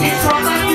It's all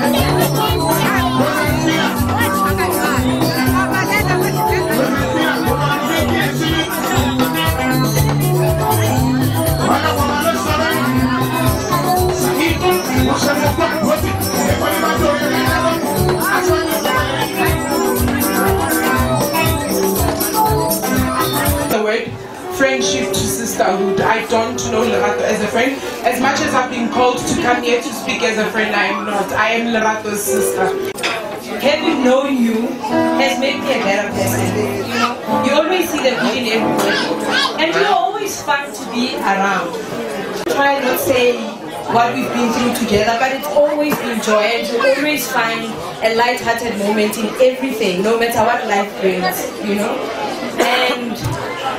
Thank you. childhood, I don't know Lerato as a friend. As much as I've been called to come here to speak as a friend, I am not. I am Lerato's sister. Having known you has made me a better person. You know, you always see the good in everyone, and you're always fun to be around. Try not to say what we've been through together, but it's always been joy, and you always find a light-hearted moment in everything, no matter what life brings. You know.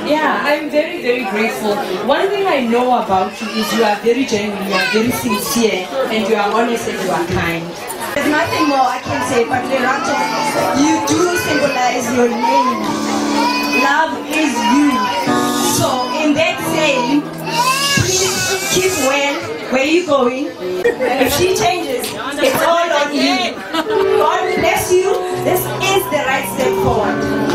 Yeah, I'm very, very grateful. One thing I know about you is you are very genuine, you are very sincere, and you are honest and you are kind. There's nothing more I can say, but Lerato, you do symbolize your name. Love is you. So in that saying, please keep well. Where are you going? if she changes, it's all on you. God bless you. This is the right step forward.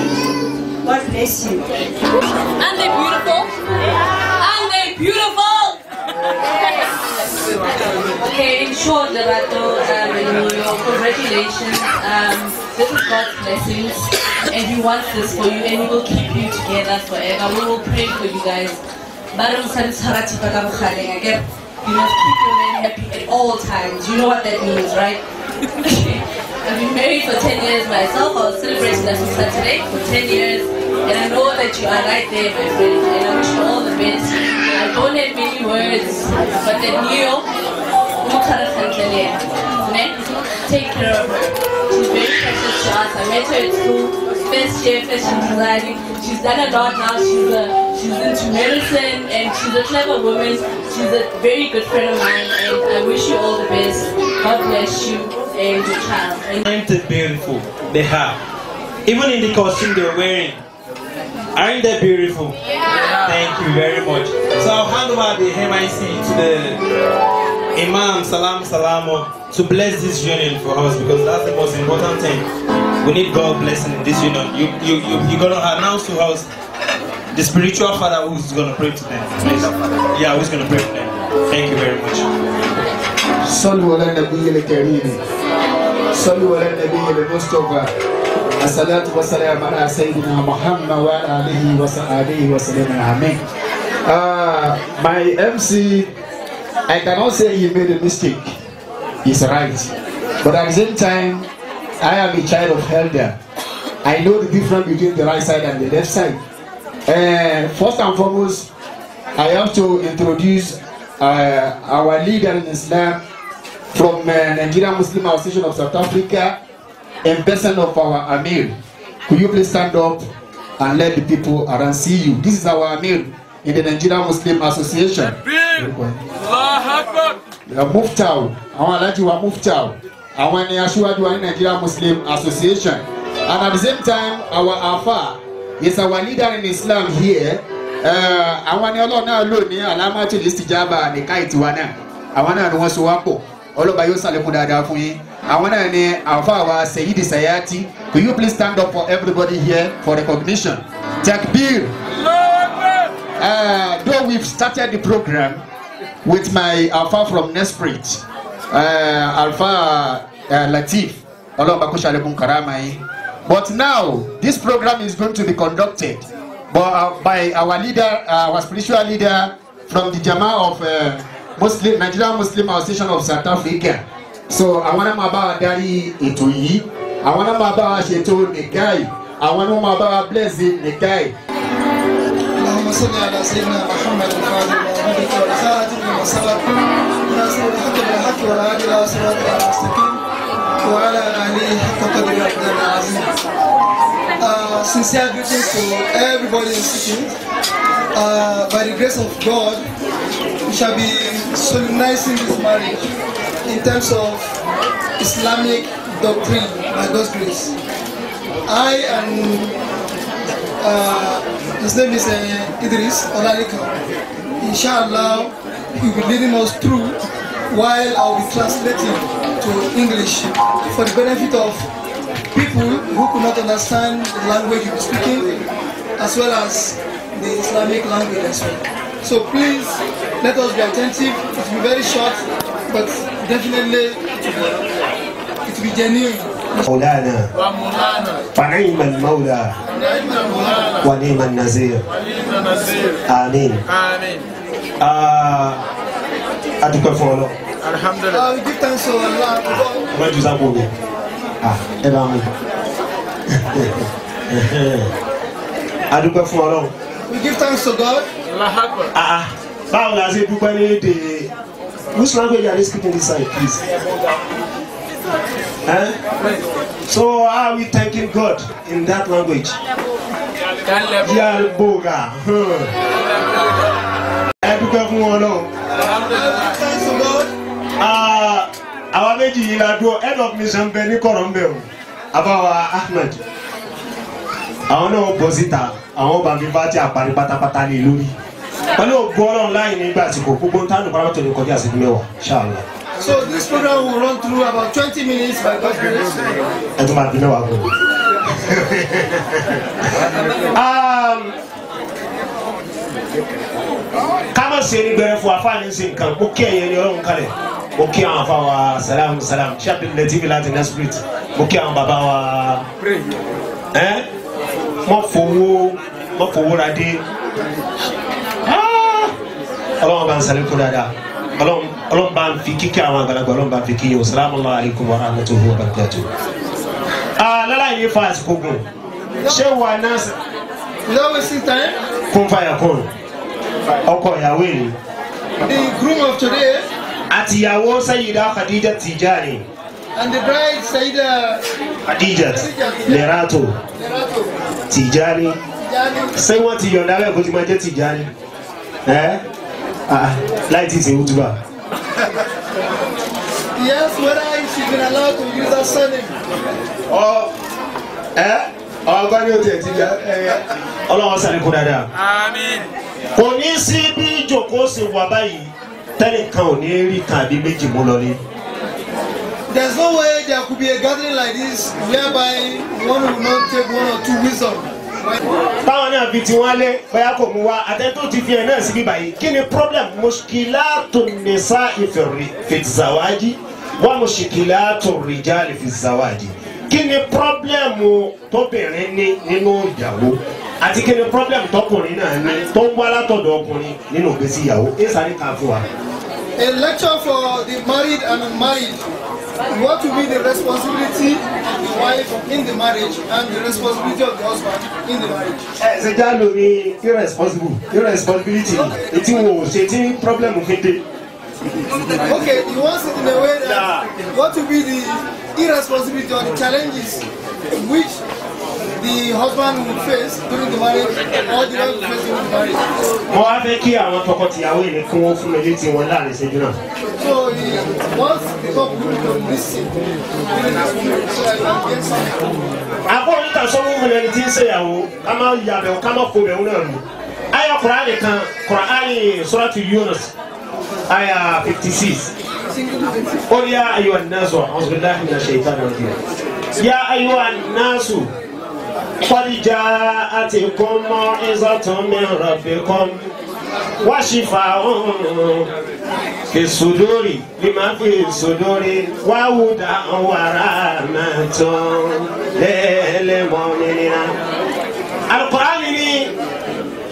God bless you. And they're beautiful. And they're beautiful. okay, in short, Labato, um, congratulations. Um, this is God's blessings, and He wants this for you, and He will keep you together forever. We will pray for you guys. You must keep your man happy at all times. You know what that means, right? I've been married for 10 years myself. I was celebrating that Saturday for 10 years. And I know that you are right there, my friend. And I wish you all the best. I don't have many words, but the new Take care of her. She's very precious to us. I met her at school, first year, first university. She's done a lot now. She's a, she's into medicine and she's a clever woman. She's a very good friend of mine and I wish you all the best. God bless you and your child. And beautiful. They have. Even in the costume they're wearing, Aren't they beautiful? Yeah. Thank you very much. So I'll hand over the MIC to the Imam Salam Salamo to bless this union for us because that's the most important thing. We need God blessing this union. You, you, you, you're going to announce to us the spiritual father who's going to pray to them. Yeah, who's going to pray to them. Thank you very much. الصلاة والسلام على Muhammad wa alihi wa wa sallam. Uh, my MC, I cannot say he made a mistake. He's right. But at the same time, I am a child of elder. I know the difference between the right side and the left side. Uh, first and foremost, I have to introduce uh, our leader in Islam from uh, Nigerian Muslim Association of South Africa, in person of our Amir. Could you please stand up and let the people around see you? This is our Amir in the Nigerian Muslim Association. Muftaw, àwọn alájí wa Muftaw, want to assure you, ní Nigerian Muslim Association. And at the same time, our Alpha is our leader in Islam here. Uh, àwọn ẹni ọlọ́run náà lò ní Alamatu Listijaba Nìka Ìtiwa náà. Àwọn náà ni wọ́n so wá pọ̀. Ọlọ́ba yóò ṣàlékún dáadáa fún yín àwọn náà ni àfa wa Seyidi Sayati could you please stand up for everybody here for recognition takbir uh, though we've started the program with my alpha from Nesprit uh, alpha uh, Latif ọlọ́ọ̀bá kò ṣàlékún but now this program is going to be conducted by, uh, by our leader uh, our spiritual leader from the Jama of uh, Muslim Nigerian Muslim Association of South Africa so àwọn náà máa bá wa darí ètò yìí àwọn náà máa bá wa ṣètò nìgáì àwọn náà máa bá wa blẹ́sì nìgáì. وعلى آله حق قدر ومقدار العظيم Uh, sincere greetings to everybody in the city. Uh, by the grace of God, we shall be solemnizing this marriage. in terms of Islamic doctrine by God's grace. I am, uh, his name is uh, Idris Olaliko. Inshallah, he will be leading us through while I will be translating to English for the benefit of people who could not understand the language you are speaking as well as the Islamic language as well. So please, let us be attentive. It will be very short but definitely it will, it will be genuine. مولانا فنعم المولى ونعم النزير آمين آمين adúpẹ́ fún Ọlọ́run. alhamdulilayi. ọ̀hún jíjẹ́ sọ ọ̀la. ọba jù sáà kò mi. Ah, ẹ bá mi. adúpẹ́ fún Ọlọ́run. we give thanks to God. Ah, ah, báwo la ṣe dúpẹ́ ní èdè. Which language are they speaking this side, please? Eh? So are we thanking God in that language? Yalboga. Ẹ dúpẹ́ fún wọn náà. head of mission bẹ ní kọ̀rọ̀ Ahmed. Àwọn náà bọ̀ síta, àwọn bàbí bá ti àpárí pátápátá ní lórí wọn ògbó ọlọ́run láyé àsìkò gbogbo ntánù paramọ́tò ní kọjá àsìkò mẹ́wàá ṣáàlá. So this program will run through about twenty minutes by God's grace. ẹ tún máa bí mẹ́wàá gbọ́. Um, ká má ṣe ní gbẹrẹ fún afáàní ṣe nǹkan ó kí ẹ̀yẹ ni ọlọ́run kalẹ̀ ó kí àwọn afa wa salam salam ṣáàpì lẹ́tìmí láti next street ó kí àwọn bàbá wa mọ̀ fowó mọ̀ fowó ra dé ọlọ́run bá ń sàlékún dáadáa ọlọ́run bá ń fi kíkẹ́ àwọn àgbàlagbà ọlọ́run bá ń fi kíyìn o salamu alaykum wa rahmatulahi wa barakatu. alálàyé fa àsìkò gùn ṣé wà náà. lọ́wọ́ síta ẹ́. kún fàyà kún ọkọ ìyàwó the groom of today. Ati, àtìyàwó Sayyida Khadija Tijani. And the bride Sayyida Khadija Lerato Tijani. Tijani. Ṣé wọ́n ti yọ̀ǹda bẹ́ẹ̀ kó ti máa láì tí ì ṣe wútúbà. he asked whether she's been allowed to use her surname. ọ oh, eh? ọgbọ́n ní o tiẹ̀ ti ẹ ọlọ́run sani kú dáadáa. àmín. kò ní sí bí ìjòkó ṣe wà báyìí tẹ́lẹ̀ kan ò ní rí kan méjì mú lọlé. there is no way there could be a gathering like this whereby one will not take one or two wisdom táwọn náà fi tiwọn lé bóyá kò mú wa àtẹ́tò ti fi ẹ̀ náà sí bíbá kí ni problem mushkilatu nisa fi zawaji wa mushkilatu rijali fi zawaji kí ni problem tóbìnrin ní nínú ìyàwó àti kí ni problem tọkùnrin náà ní tó ń wá látọ̀dọ̀ ọkùnrin nínú ìgbésí ìyàwó ẹ̀ sáré kan fún wa. A lecture for the married and unmarried. What will be the responsibility of the wife in the marriage and the responsibility of the husband in the marriage? Ẹ ṣe já lórí irresponsible irresponsibility etí wo ṣe tí problem fi dé. Okay, you want it in a way that nah. what will be the irresponsibility or the challenges which the husband would face during the marriage or the wife will face during the marriage. mo wá fẹ́ kí àwọn tọkọtìyàwó yìí kí wọ́n fún mi létí wọn láàrin ìṣẹ́jú náà. so he the couple don listen the marriage so i go get some. àbọ̀ níta sọ́wọ́ fún ẹni tí ń ṣèyàwó ká má yàbẹ̀wò ká má fò bẹ̀wò náà lù. aya kuraani kan kuraani suratu yunus aya fifty six. قل يا أيها الناس أعوذ بالله من الشيطان الرجيم يا أيها الناس kọ́díjà àti kọ́mọ́ ìzọ́tàn mìíràn fi kọ́ wáṣífà ọ̀hún ìsòdórì ni màá fi ìsòdórì wá wúdà wàrà máa tán lẹ́ẹ̀lẹ́mọ́ nínira. alukọ́ránì ni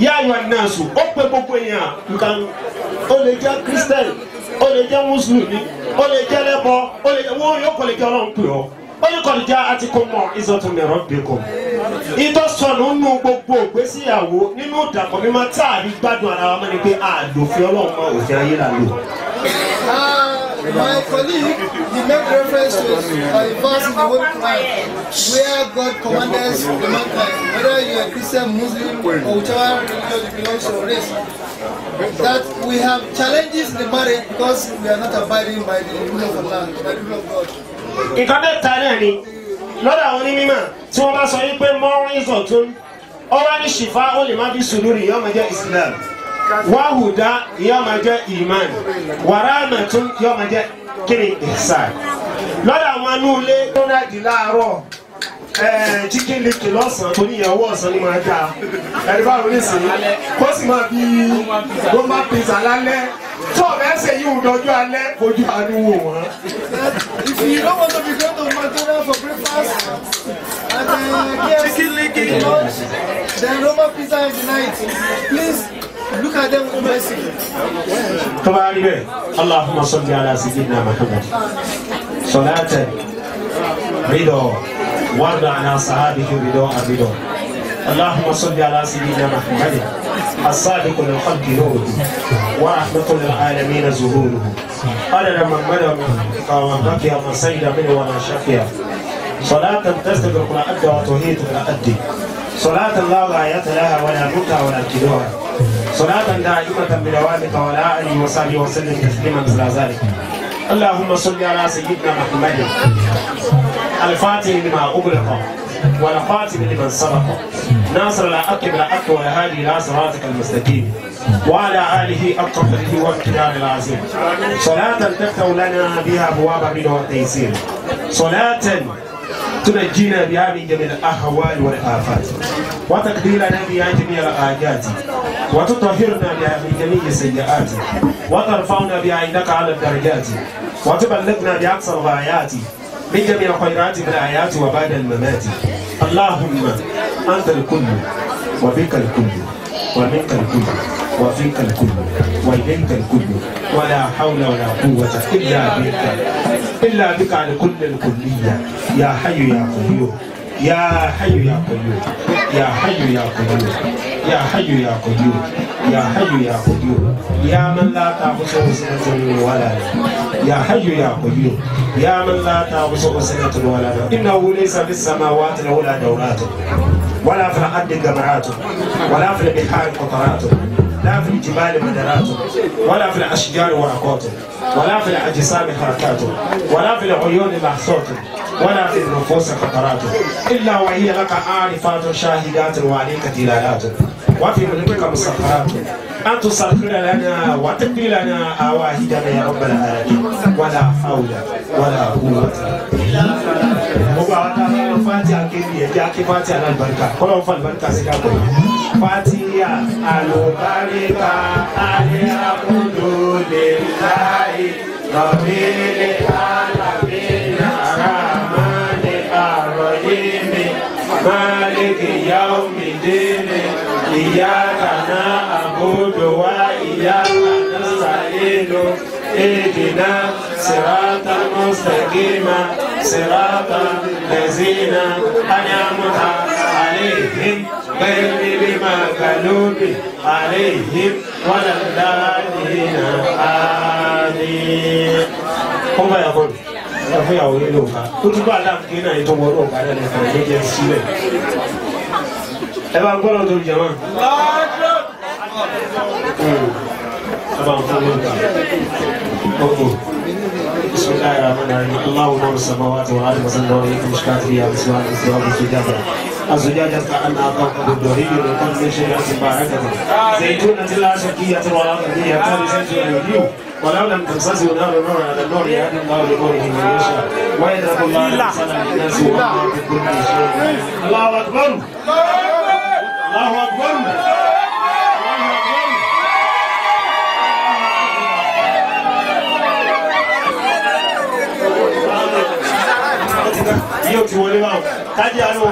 yáyọ̀ náà sùn ó pé gbogbo èèyàn nǹkan ó lè jẹ́ kírísítẹ́nì ó lè jẹ́ mùsùlùmí ó lè jẹ́ lẹ́bọ ó lè jẹ́ wọ́n yóò kọ́ lè jẹ́ ọlọ́run pè ọ́ ó ní kọ́ni já ìzọ́tún mi rọ́ bí kò. gbogbo ògbésíyàwó nínú ìdàpọ̀ mímọ́ tá a rí gbádùn ara wa ni pé àdòfin ọlọ́run mọ́ òfin ayé là lò. Uh, my colleague, he made reference to a verse in the Holy Quran where God commanded the mankind, whether you are Christian, Muslim, or whichever religion you belong to or race, that we have challenges in the marriage because we are not abiding by the rule of Allah, by the rule of God nǹkan mẹ́ta náà ni lọ́dọ̀ àwọn onímọ̀ tí wọ́n bá sọ yí pé mọ́rin zọ̀tún ọwọ́ ní ṣìfà ó lè má bí sùúrù yóò máa jẹ́ Islam wàhùdá yóò máa jẹ́ iman wàràmẹ̀tún yóò máa jẹ́ kíni ihsan lọ́dọ̀ àwọn anúlé tó náà di láàárọ̀ chicken lick lọ́sàn-án tó níyàwó ọ̀sán ni máa dáa ẹ̀rí báwo ní sìn kó sì máa bí bó pizza lálẹ́ tó o bẹ́ẹ̀ ṣe yíwù lọ́jọ́ alẹ́ fojú àánú wò if you don't want to be going to material for breakfast and uh, KFC lunch then Roman pizza at night please look at them with mercy. tó bá rí bẹ́ẹ̀ Allahumma salli ala sayyidina Muhammad salatan ridọ wàdà àná sàhábìkì ridọ àbídọ Allahumma salli ala na Muhammad. الصادق للحق نور ورحمة للعالمين زهوره أنا من منع من بقي من سيد منه ولا شقي صلاة تستغفر القرآن وتهيت الأدي صلاة لا غاية لها ولا بكى ولا كدوها صلاة دائمة بدوامك ولا آله وصلي وسلم تسليما مثل ذلك اللهم صل على سيدنا محمد الفاتح لما أغلق ولا خاتم لمن سبق ناصر لا أقب لا أقب ولا هادي لا صراطك المستقيم وعلى آله أقبله والكتاب العظيم صلاة تفتح لنا بها أبواب من والتيسير صلاة تنجينا بها من جميع الأهوال والآفات وتقديرنا بها جميع الآجات وتطهرنا بها من جميع السيئات وترفعنا بها عندك على الدرجات وتبلغنا بأقصى الغايات من جميع خيرات الآيات وبعد الممات اللهم أنت الكل وبك الكل ومنك الكل وفيك الكل وإليك الكل ولا حول ولا قوة إلا بك إلا بك على كل الكلية يا حي يا قيوم يا حي يا قيوم يا حي يا قيوم يا حي يا قيوم يا حي يا قيوم يا من لا تأخذه سنة ولا يا حي يا قيوم يا من لا تغصب سنة ولا نوم إنه ليس في السماوات الأولى دورات ولا في الأرض جمرات ولا في البحار قطرات لا في الجبال مدرات ولا في الأشجار ورقات ولا في الأجسام حركات ولا في العيون محصوت ولا في النفوس خطرات إلا وهي لك عارفات شاهدات وعليك دلالات وفي ملكك مسخرات أن تسخر لنا وتقضي لنا أواهدنا يا رب العالمين ولا حول ولا قوة إلا بالله Fatiha kiri ẹjẹ ake Fatiha alibarika kọlọ fún alibarika sí kakọ Fatiha alubarika alihamudulilayi lọbi le ala. حكيم مالك يوم الدين إياك نعبد وإياك نستعين اهدنا صراطا مستقيما صراط الذين أنعمت عليهم غير المغلوب عليهم ولا الضالين آمين هم يقولون ẹ̀fọ́yàwó yẹn ló ká kútùbà aláàbùké náà yẹn tó wọ́n ló ká lẹ́nu ẹ̀fọ́ yẹn jẹ́ sílẹ̀ ẹ bá gbọ́dọ̀ tó jẹ̀mọ́. ẹ bá ń fún mi nǹkan ọkọ بسم الله الرحمن الرحيم اللهم نور السماوات والارض وصلى الله عليه مشكات فيها بسواك الثواب الزجاجه الزجاجه كانها كوكب الدهري من كل شيء باعثه زيتونه لا شكيه ولا قضيه كان زيتون اليوم ولو لم تنفزوا نار نور على النور يهدي الله لنوره من يشاء ويدرك الله الانسان بالناس والله بكل شيء الله اكبر الله اكبر yóò ti wọlé báwọn tájà ló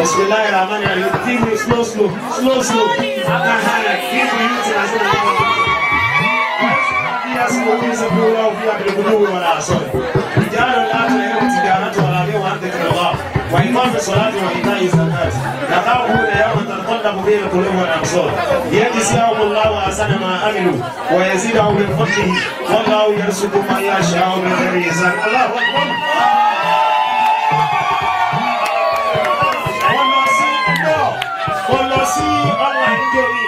Bismillahirrahmanirrahim. Give me slow, slow, slow, slow. After Hannah, give me you love, you have to do what I saw. We got a lot of to get out of our new one thing in love. When you to Salat, when you have a thought of being a when I'm so? Yet, this now will allow us an aminu. it? now, yes, Allah. sí online nítorí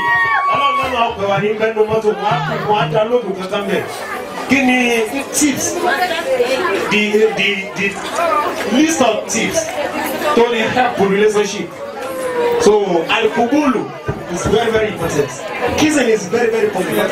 ọlọ́run náà máa pè wá ní bẹ́ẹ̀nu mọ́tò wọn á kú wọn á dá lóògùn kankan bẹ̀. kí ni tips the the the list of tips to dey help relationship so alcohol is very very important kissing is very very popular.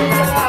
Thank you.